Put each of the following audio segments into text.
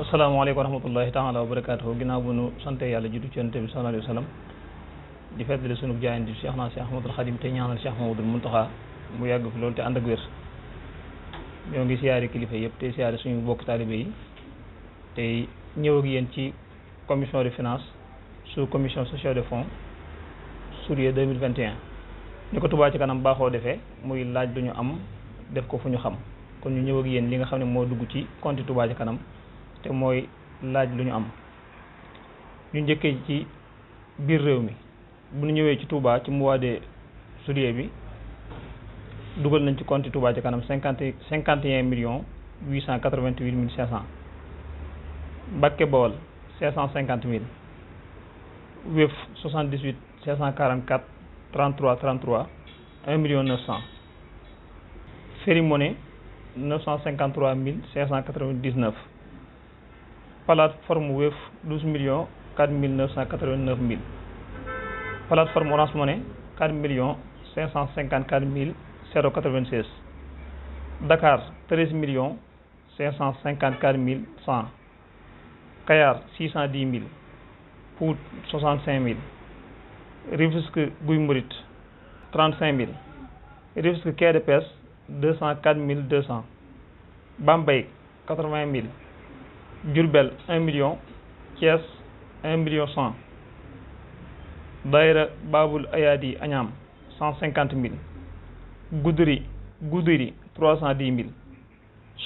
asalaamaaleykum wa rahmatullahi taala wa barakaatu ginnaaw bu nu sante yàlla jiitu ci yonent bi sallallahu wa sallam di feddali sunu jaayante bi na naa Cheikh Ahmadul Xadim te ñaanal Cheikh Mamadul Muntaxa mu yàgg fi loolu te ànd ak wér ñoo ngi siyaare kilifa yëpp te siyaare suñu bokk taalibe yi tey ñëw ak yéen ci commission de finance sous commission sociale de fonds Sourier 2021 ni ko Touba ci kanam baaxoo defee muy laaj lu ñu am def ko fu ñu xam kon ñu ñëw ak yéen li nga xam ne moo dugg ci compte Touba kanam te mooy laaj lu ñu am ñu njëkkee ci biir réew mi bu ñu ñëwee ci Touba ci mois de juillet bi dugal nañ ci compte Touba ci kanam cinquante cinquante et un millions huit cent quatre-vingt-huit mille cinq cent Mbacké Bawol cent cent trois million neuf cent mille cinq quatre-vingt-dix-neuf plateforme Wave 12 millions 4 989 000 plateforme Orange Money 4 millions 554 mille 096 Dakar 13 millions 554 mille 100 Kayar 610 mille Pout 65 mille Rufisque Guy Mouride 35 mille Rufisque Quai de Pêche 204 mille 200 Bambey 80 mille Diourbel un million Thiès un million cent Daayira Babul Ayaadi Agnam cent cinquante mille Goudiri Goudiri trois cent dix mille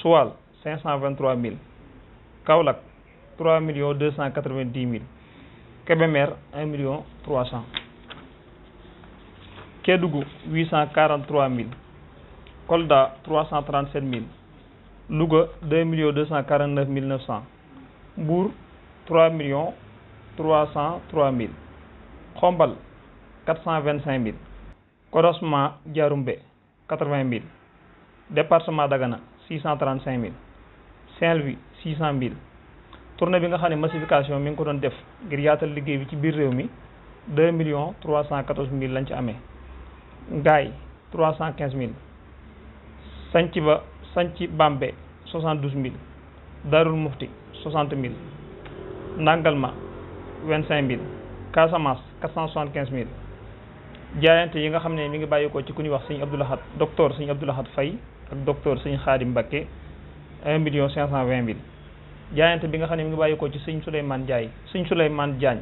Soal cinq cent vingt trois mille Kaolack trois million deux cent quatre vingt dix mille Kébémer un million trois cent Kédougou huit cent quarante trois mille Kolda trois cent trente sept mille Louga deux millions deux cent quarante neuf mille neuf cent Mbour trois millions trois cent trois mille Xombal quatre cent vingt cinq mille Korosma Diaroumbé quatre vingt mille département Dagana six cent trente cinq mille Saint-Louis six cent mille tournée bi nga xam ne massification mi ngi ko doon def ngir yaatal liggéey bi ci biir réew mi deux millions trois cent quatorze mille lañ ci amee Ngaye trois cent quinze mille Sanc sanc Bambey soixante douze mille Darul Muxti soixante mille Ndangalma vingt cinq mille Casamance quatre cent soixante quinze mille jaayante yi nga xam ne mi ngi bàyyi ko ci ku ñuy wax sëñ Abdou Lahad docteur sëñ Abdou Lahad Faye ak docteur sëñ Xaadim Mbakke un vingt mille jaayante bi nga xam ne mi ngi bàyyi ko ci sëñ Souleymane Ndiaye sëñ Souleymane Diagne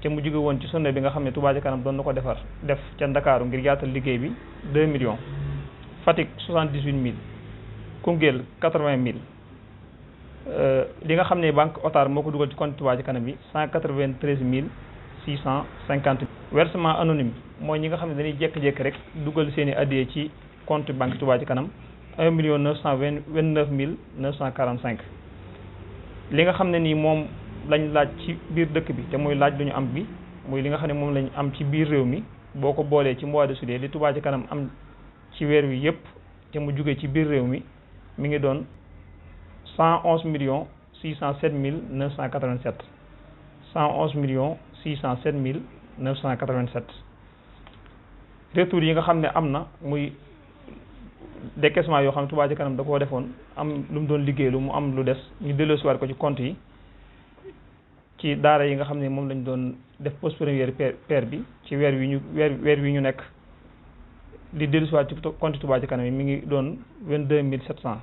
te mu jóge woon ci sonne bi nga xam ne Touba Ca Kanam doon na ko defar def ca Ndakaaru ngir yaatal liggéey bi deux millions Fatick soixante dix huit mille Koungheul quatre-vingt mille euh, li nga xam ne banque Otar moo ko dugal ci compte Touba Ca Kanam bi cent quatre-vingt-treize mille six cent cinquante versement anonyme mooy ñi nga xam ne dañuy jékki-jékki rek dugal seen i ci compte banque Touba Ca Kanam un million neuf cent vingt-neuf mille neuf cent quarante-cinq li nga xam ne nii moom lañ laaj ci biir dëkk bi te muy laaj lu ñu am bi muy li nga xam ne moom lañ am ci biir réew mi boo ko boolee ci mois de juillet li Touba Kanam am ci weer wi te mu jugee ci biir réew mi mi ngi doon cent onze millions six cent sept mille neuf cent quatre vingt sept cent onze million six cent sept mille neuf cent quatre vingt sept retour yi nga xam ne am na muy décaissement yoo xam ne Touba Ca Kanam da koo defoon am lu mu doon liggéey lu mu am lu des ñu si delloosiwaat ko ci compte yi ci daara yi nga xam ne moom lañ doon def post première paire bi ci weer wi ñu weer weer wi ñu nekk li dellusiwaat ci compte Touba ci kanam yi mi ngi doon vingt deux mille sept cent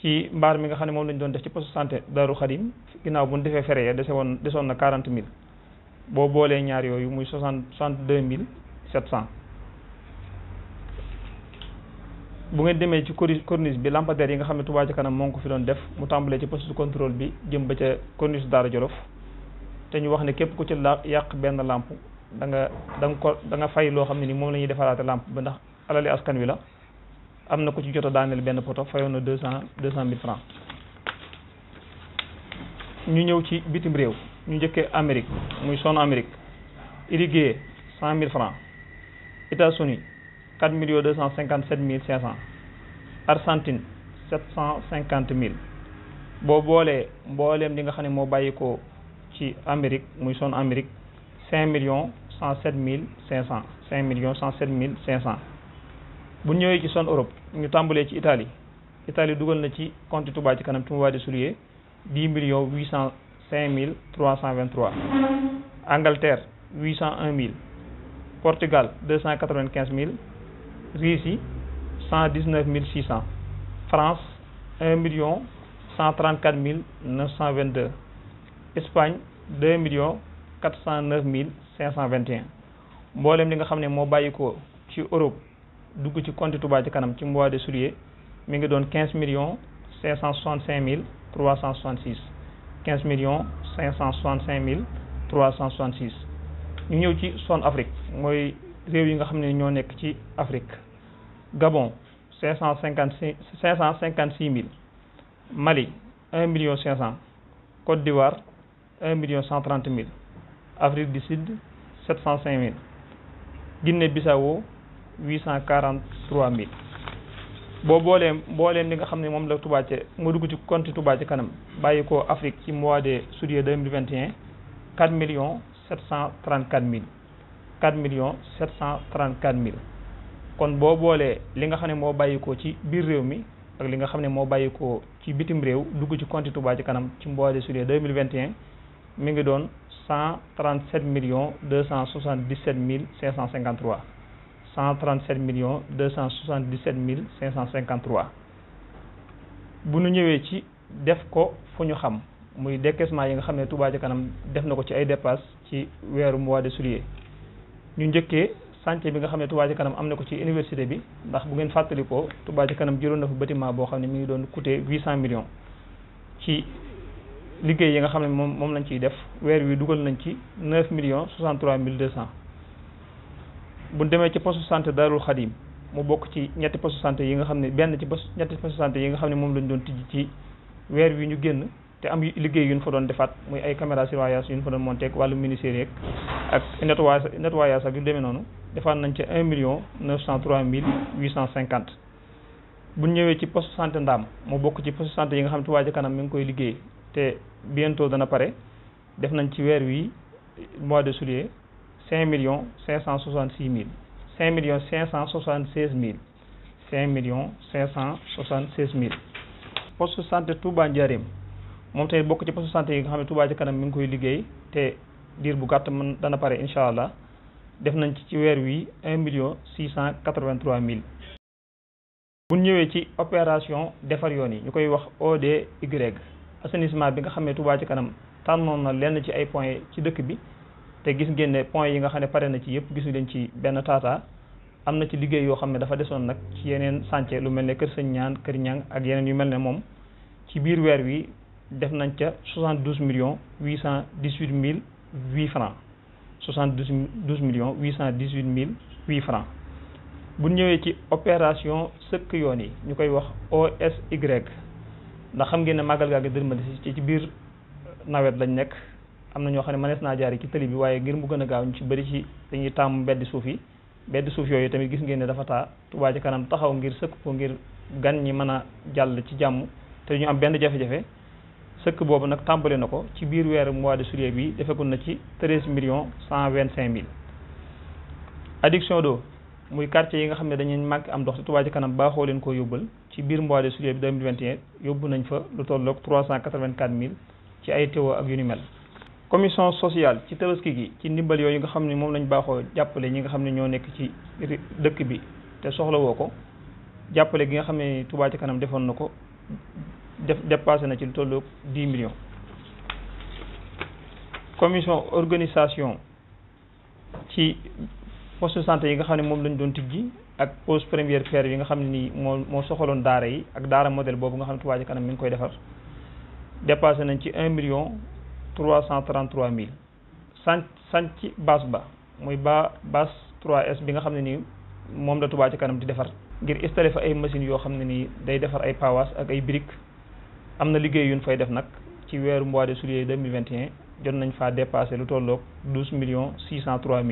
ci mbaar mi nga xam ne moom lañu doon def ci poste santé Darou Khadim ginnaaw bu ñu defee fere ya dese woon desoon na quarante mille boo boolee ñaar yooyu muy soixante soixante deux mille sept cent bu ngeen demee ci corniche bi lampadaire yi nga xam ne tubaa ci kanam moo ngi ko fi doon def mu tàmbalee ci poste de contrôle bi jëm ba ca corniche Daara Jolof te ñu wax ne képp ku ci la yàq benn lampe da nga da ko da nga fay loo xam ne ni moom la ñuy defaraate lamp ba ndax alali askan wi la am na ko ci jot a daaneel benn poto fayoon na deux cent deux cent mille francs ñu ñëw ci bitim réew ñu njëkkee Amérique muy son Amérique irrigué cent mille francs États-Unis quatre millions deux cent cinquante sept mille cinq cent Argentine sept cent cinquante mille boo boolee mbooleem li nga xam ne moo bàyyi ko ci Amérique muy son Amérique cinq millions cent sept mille cinq cent cinq millions cent sept mille cinq cent bu ñëwee ci zone Europe ñu tàmbalee ci Italie itali dugal na ci compte Touba ci kanam Touba di Soulier dix millions huit cent cinq mille trois cent vingt trois Angleterre huit cent un mille Portugal deux cent quatre vingt quinze mille Russie cent dix neuf mille six cent France un million cent trente quatre mille neuf cent vingt deux Espagne deux millions quatre cent neuf mille cinq cent mboolem li nga xam ne moo bàyyi ko ci Europe dugg ci compte Touba ci kanam ci mois de juillet mi ngi doon quinze million cinq cent soixante cinq mille trois cent soixante six quinze millions cinq cent soixante cinq mille trois cent soixante six ñu ñëw ci zone Afrique mooy réew yi nga xam ne ñoo nekk ci Afrique Gabon cinq cent cinquante cinq cent cinquante six mille Mali un million cinq cent Côte d'Ivoire un million cent Afrique du Sud sept cent cinq mille Guinée Bissau huit cent quarante trois mille boo boolee mbooleem li nga xam ne moom la Touba ca mu dugg ci compte Touba ca kanam bàyyi ko Afrique ci mois de juillet deux mille vingt et un quatre millions sept cent trente quatre mille quatre millions cent trente quatre mille kon boo boolee li nga xam ne moo bàyyi ci biir réew mi ak li nga xam ne moo bàyyi ko ci bitim réew dugg ci compte Touba ca kanam ci mois de juillet deux mille vingt et un mi ngi doon cent 137 millions 277 mille cent 137 millions 277 mille 553 bu nu ñëwee ci def ko fu ñu xam muy décaissement yi nga xam ne Touba Ca Kanam def na ko ci ay dépenses ci weeru mois de juillet ñu njëkkee chantier bi nga xam ne Touba Ca Kanam am na ko ci université bi ndax bu ngeen fàttalikoo Touba Ca Kanam jëloon na fa batiment boo xam ne mu ngi doon coûter 800 millions ci liggéey yi nga xam ne moom moom lañ ciy def weer wi dugal nañ ci neuf million soixante-trois mille deux cents bu demee ci poste santé Darul Xadim mu bokk ci ñetti poste santé yi nga xam ne benn ci poste ñetti poste santé yi nga xam ne moom lañ doon tijji ci weer wi ñu génn te am liggéey yu ñu fa doon defaat muy ay caméra surveillance yu ñu fa doon monté ak wàllu ministère ak nettoyage nettoyage yu demee noonu defaat nañ ci un million neuf cent trois mille huit cent cinquante bu ñëwee ci poste santé Ndaam mu bokk ci poste santé yi nga xam ne Touba Ca Kanam mi ngi koy liggéey te bientôt dana pare def nañ ci weer wi mois de juillet cinq million cinq cent soixante six mille cinq millions cinq cent soixante seize mille cinq millions cinq cent soixante seize mille poste santé Touba Njaareem moom tamit bokk ci poste santé yi nga xam ne Touba ci kanam mi ngi koy liggéey te diir bu gàtt mën dana pare incha allah def nañ ci weer wi million six cent quatre vingt trois mille bu ñëwee ci opération defar yoon yi ñu koy wax ODY assainissement bi nga xam ne Touba ci kanam tànnoon na lenn ci ay points ci dëkk bi te gis ngeen ne points yi nga xam ne pare na ci yëpp gisuñu leen ci benn taataa am na ci liggéey yoo xam ne dafa desoon nag ci yeneen chantier lu mel ne Kër Sëñ Ñaan Kër Ñang ak yeneen yu mel ne moom ci biir weer wi def nañ ca million cent millions 818 mille 8 francs cent millions 818 mille 8 francs bu ñëwee ci opération sëkk yoon yi ñu koy wax OSY ndax xam ngeen ne màggal gaa ngi dërmali ci ci biir nawet lañu nekk am na ñoo xam ne mënees naa jaar ci tëli bi waaye ngir mu gën a gaaw ñu ci bëri ci dañuy tàmm beddi suuf yi beddi suuf yooyu tamit gis ngeen ne dafa taa Touba Ca Kanam taxaw ngir sëkk ko ngir gan ñi mën a jàll ci jàmm te ñu am benn jafe-jafe sëkk boobu nag tàmbali na ko ci biir weeru mois de juillet bi defekul na ci million 13 millions 125 mille adduction d'eau muy quartier yi nga xam ne dañuy manqué am ndox te Touba ci kanam baaxoo leen koo yóbbal ci biir mois de juillet bi 2021 yóbbu nañ fa lu tolloog 384 000 ci ay teewoo ak yu ni mel. commission sociale ci tabaski gi ci ndimbal yooyu nga xam ne moom lañ baaxoo jàppale ñi nga xam ne ñoo nekk ci dëkk bi te soxlawoo ko jàppale gi nga xam ne Touba ci kanam defoon na ko def dépassé na ci lu tolloog 10 millions. commission organisation ci poste de santé yi nga xam ne moom lañ doon tijji ak pose première fair yi nga xam ne nii moo moo soxaloon daara yi ak daara modèle boobu nga xam ne Touba ca kanam mi dépassé nañ ci un million trois cent trente trois mille sanc sanc base ba muy ba base 3S bi nga xam ne nii moom la Touba ca kanam di defar ngir installé fa ay machines yoo xam ne nii day defar ay pawas ak ay briques am na liggéey yuñ fay def nag ci weeru mois de juillet 2021 jot nañ faa dépassé lu tolloog douze million six cent trois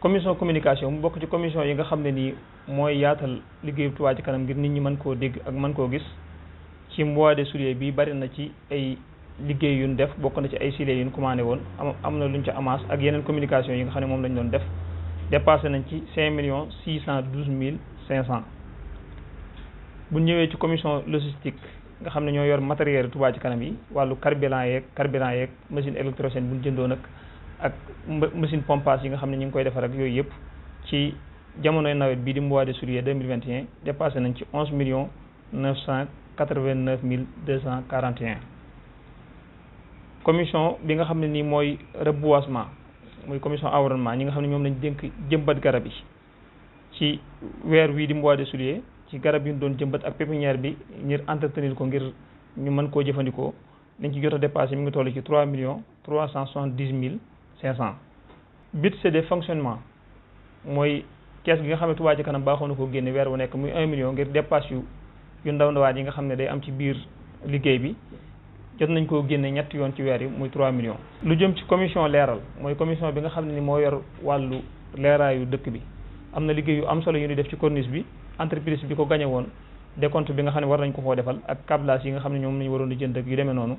commission communication mu bokk ci commission yi nga xam ne nii mooy yaatal liggéeyu Touba ci Kanam ngir nit ñi mën koo dégg ak mën koo gis ci mois de juillet bi bari na ci ay liggéey yuñ def bokk na ci ay silé yuñ commandé woon am am na luñ ca amaas ak yeneen communication yi nga xam ne moom lañ doon def dépassé nañ ci cinq million six cent douze mille cinq cent bu ñëwee ci commission logistique nga xam ne ñoo yor matériel Touba ci Kanam yi wàllu carburant yeeg carburant yeeg machine électrogène bu ñu jëndoon ak ak machine pompage yi nga xam ne ñu ngi koy defar ak yooyu yëpp ci jamonoy nawet bii di mois de juillet deux mille vingt et un dépassé nañ ci onze millions neuf cent quatre vingt neuf mille deux cent quarante et un commission bi nga xam ne nii mooy reboisement mooy commission environnement ñi nga xam ne ñoom lañu dénk jëmbat garab yi ci weer wii di mois de juillet ci garab yi ñu doon jëmbat ak pépinière bi ngir entretenir ko ngir ñu mën koo jëfandikoo liñ ci a dépassé ngi toll ci trois millions trois cent soixante-dix mille cinq cent budget de fonctionnement mooy kees gi nga xam ne Touba Ca Kanam baaxoon na ko génne weer bu nekk muy un million ngir dépasse yu yu ndaw ndawaat yi nga xam ne day am ci biir liggéey bi jot nañ koo génne ñetti yoon ci weer yi muy trois millions lu jëm ci commission leeral mooy commission bi nga xam ne ni moo yor wàllu leeraayu dëkk bi am na liggéey yu am solo yu ñuy def ci corniche bi entreprise bi ko gañe woon décompte bi nga xam ne war nañ ko koo defal ak câblage yi xam ne ñoom lañu waroon di jënd ak yu noonu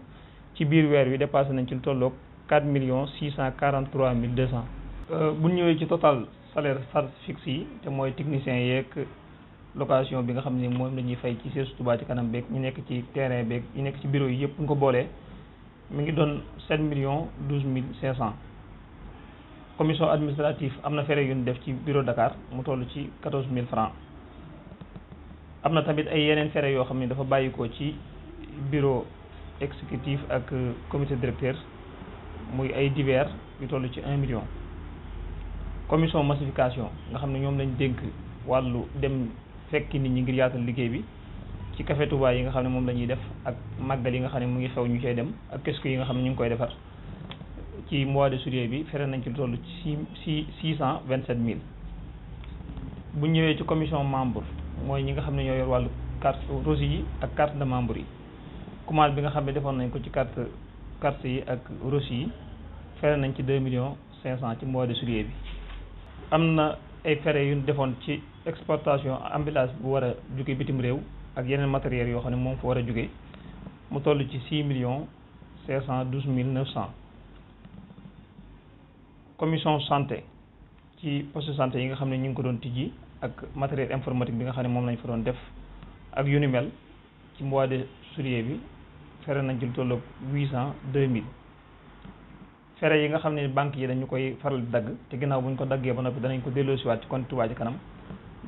ci biir weer wi nañ ci lu tolloog million 4 millions 643 mille 200. Euh, bu ñëwee ci total salaire charge fixe yi te mooy technicien yeeg location bi nga xam ne moom la ñuy fay ci seesu Touba ci kanam beeg ñu nekk ci terrain beeg ñu nekk ci bureau yi yëpp bu ñu ko boolee mi ngi doon 7 million 12 mille cent commission administrative am na fere yu ñu def ci bureau Dakar mu toll ci 14 mille francs am na tamit ay yeneen fere yoo xam ne dafa bàyyikoo ci bureau exécutif ak comité directeur. muy ay divers yu toll ci un million commission massification nga xam ne ñoom lañu dégg wàllu dem fekki ni ñi ngir yaatal liggéey bi ci café Touba yi nga xam ne moom la ñuy def ak màggal yi nga xam ne mu ngi xew ñu cay dem ak kesku yi nga xam ne ñu ngi koy defar ci mois de juillet bi fere nañ ci lu toll ci six six cent vingt sept mille bu ñëwee ci commission membre mooy ñi nga xam ne ñoo yor wàllu carte rosi yi ak carte de membre yi commande bi nga xam ne defoon nañ ko ci carte carte yi ak reçu yi fere nañ ci deux millions cinq cent ci mois de juillet bi am na ay fere yu ñu defoon ci exportation ambulance bu war a jóge bitim réew ak yeneen matériel yoo xam ne moom fa war a jóge mu toll ci six millions cinq cent douze mille neuf cent commission santé ci poste santé yi nga xam ne ñu ngi ko doon tijji ak matériel informatique bi nga xam ne moom lañ fa doon def ak yu ci mois de juillet bi fere nañ ci lu tolloog huit cent deux mille fere yi nga xam ne banque yi dañu koy faral di dagg te ginnaaw bu ñu ko daggee ba noppi danañ ko delloosiwaat ci compte Touba Ca Kanam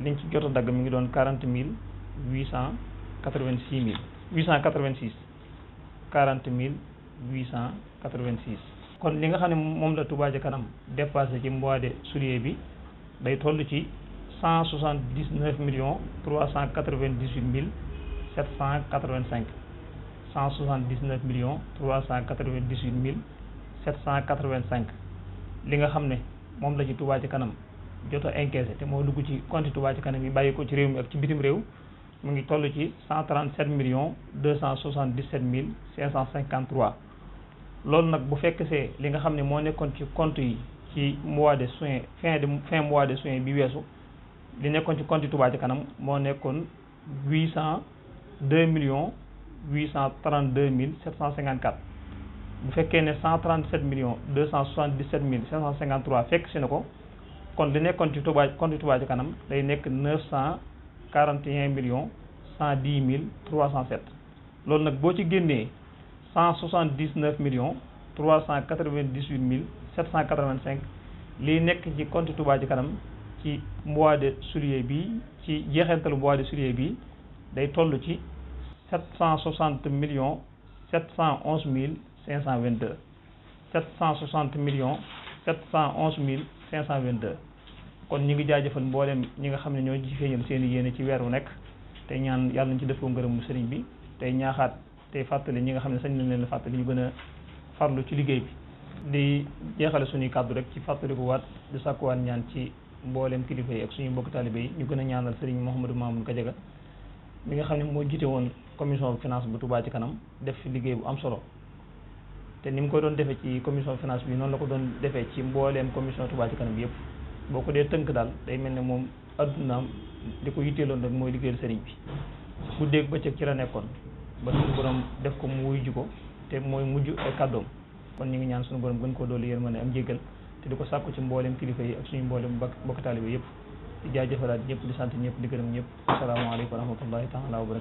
liñ ci jot dagg mi ngi doon quarante mille huit cent quatre vingt six mille huit cent quatre vingt six mille huit cent kon li nga xam ne moom la Touba Ca Kanam dépassé ci mois de juillet bi day toll ci cent soixante dix neuf millions trois cent quatre vingt dix huit mille sept cent quatre vingt cent soixante dix neuf millions trois cent quatre vingt dix huit mille sept cent quatre vingt cinq li nga xam ne moom la ci Touba ci kanam jot a encaissé te moo dugg ci compte Touba ci kanam yi bàyyi ko ci réew mi ak ci bitim réew mu ngi toll ci cent trente sept millions deux cent soixante dix sept mille cinq cent cinquante trois loolu nag bu fekk se li nga xam ne moo nekkoon ci compte yi ci mois de juin fin de fin mois de juin bi weesu li nekkoon ci compte kanam moo nekkoon huit cent deux millions huit cent trente deux mille sept cent quatre bu fekkee ne cent trente sept millions deux cent soixante dix sept mille sept cent cinquante trois fekk si na ko kon li nekkoon ci Touba compte Touba Ca Kanam day nekk neuf cent quarante et un millions cent dix mille trois cent sept loolu nag boo ci génnee cent soixante dix neuf millions trois cent quatre vingt dix huit mille sept cent quatre vingt cinq lii nekk ci compte Touba Ca Kanam ci mois de juillet bi ci jeexantalu mois de juillet bi day toll ci sept cent soixante million sept cent onze mille cinq cent vingt deux sept cent soixante million sept cent onze mille cinq cent vingt deux kon ñu ngi jaajëfal mboolem ñi nga xam ne ñoo ci feeñal seen i yéene ci weer wu nekk ñaan yàlla nañu ci def ko ngërëmu sëriñ bi tey ñaaxaat tey fàttali ñi nga xam ne sañ nañ leen fàttali ñu gën a farlu ci liggéey bi di jeexale suñuy kàddu rek ci fàttaliku waat di sàkkuwaat ñaan ci mboolem kilifa yi ak suñu mbokk taalibe yi ñu gën a ñaanal sëriñ Mouhamadou Mamoun Gadiaga mi nga xam ne moo jiite woon commission finance bu Touba ci kanam def liggéey bu am solo te ni mu ko doon defee ci commission finance bi noonu la ko doon defee ci mbooleem commission Touba ci kanam bi yëpp boo ko dee tënk daal day mel ni moom addunaam li ko yitteeloon rek mooy liggéeyal sëriñ bi guddeeg bëccëg ci la nekkoon ba suñu borom def ko mu wuyu ko te mooy mujj ay kàddoom kon ñu ngi ñaan suñu borom gën koo dolli yërmande am jéggal te di ko sàkku ci mbooleem kilifa yi ak suñu ñëpp di sant ñëpp di gërëm ñëpp asalaamaaleykum wa